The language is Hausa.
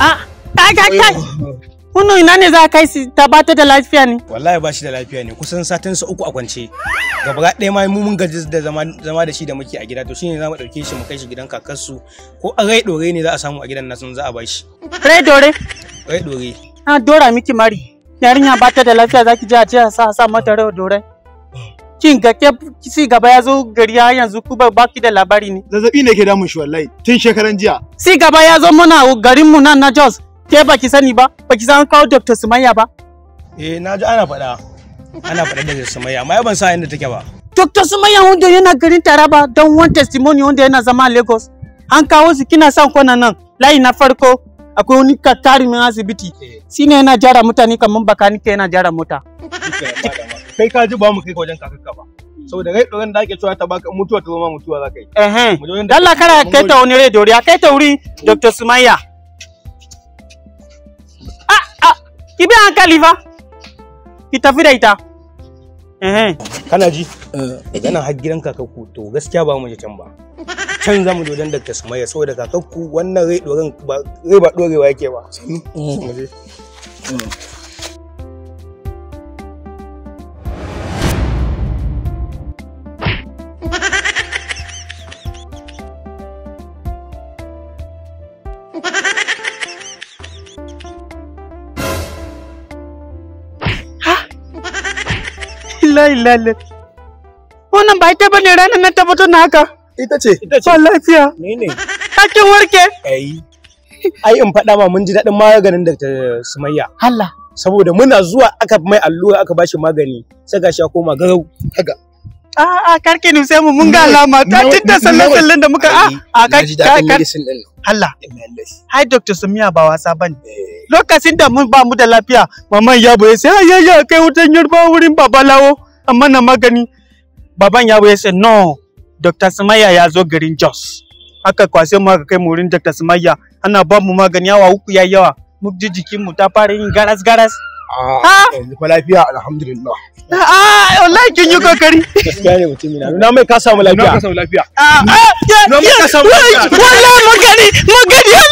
à, chạy chạy chạy Wannan ina ne za a kai su ta bata da lafiya ne? Wallahi ba shi da lafiya ne kusan satin sa uku a kwance. Gaba ɗaya ma mun gaji da zama da shi da muke a gida to shine za mu ɗauke shi mu kai shi gidan kakarsu ko a rai dore ne za a samu a gidan nasu za a bashi. shi. Rai dore? Rai dore. Na dora miki mari. Yarinya ba ta da lafiya za ki je a ce a sa mata rai dore. Kin ga ke si gaba ya zo gari ya yanzu ku ba baki da labari ne. Zazzabi ne ke damun shi wallahi tun shekaran jiya. Si gaba ya zo muna garinmu nan na Jos. ke ba ki sani ba ba ki san kawo Dr. Sumayya ba eh na ji ana faɗa ana faɗa da Sumayya amma ban sa inda take ba Dr. Sumayya wanda yana garin Taraba don one testimony wanda yana zama Lagos an kawo su kina san kona nan layi na farko akwai wani karimin asibiti shine yana jara mutane kamar baka nike yana jara mota kai ka ji ba mu kai wajen kakakka ba saboda kai tsoron da ake cewa ta baka mutuwa ta zama mutuwa za ka yi. Dalla kara kai ta wani rai doriya kai ta wuri Dr. Sumayya. ki bi hankali fa ki tafi da ita kana ji maganan eh, har gidan kakakku to gaskiya ba mu je can ba can za mu dodon da Sumayya saboda kakakku wannan rai doron ba rai ba dorewa yake ba la wannan ba ita bane ranar na haka ita ce ita ni ne warke ai daɗin maganin da sumayya Allah a a karke sai mu mun ga alama ta titta sallan sallan da muka a a Allah hai dr ba wasa bane lokacin da mun ba mu da lafiya maman ya boye sai ya ya kai wutan yarba wurin babalawo mana magani baban yaro ya ce no dr sumayya ya zo garin jos aka kwashe mu kai mu dr sumayya ana ba mu magani yawa uku yayi yawa mu ji jikin mu ta fara yin garas garas ah, fa lafiya alhamdulillah ah, ah kokari na mai ka samu lafiya na ka samu lafiya ah, na magani magani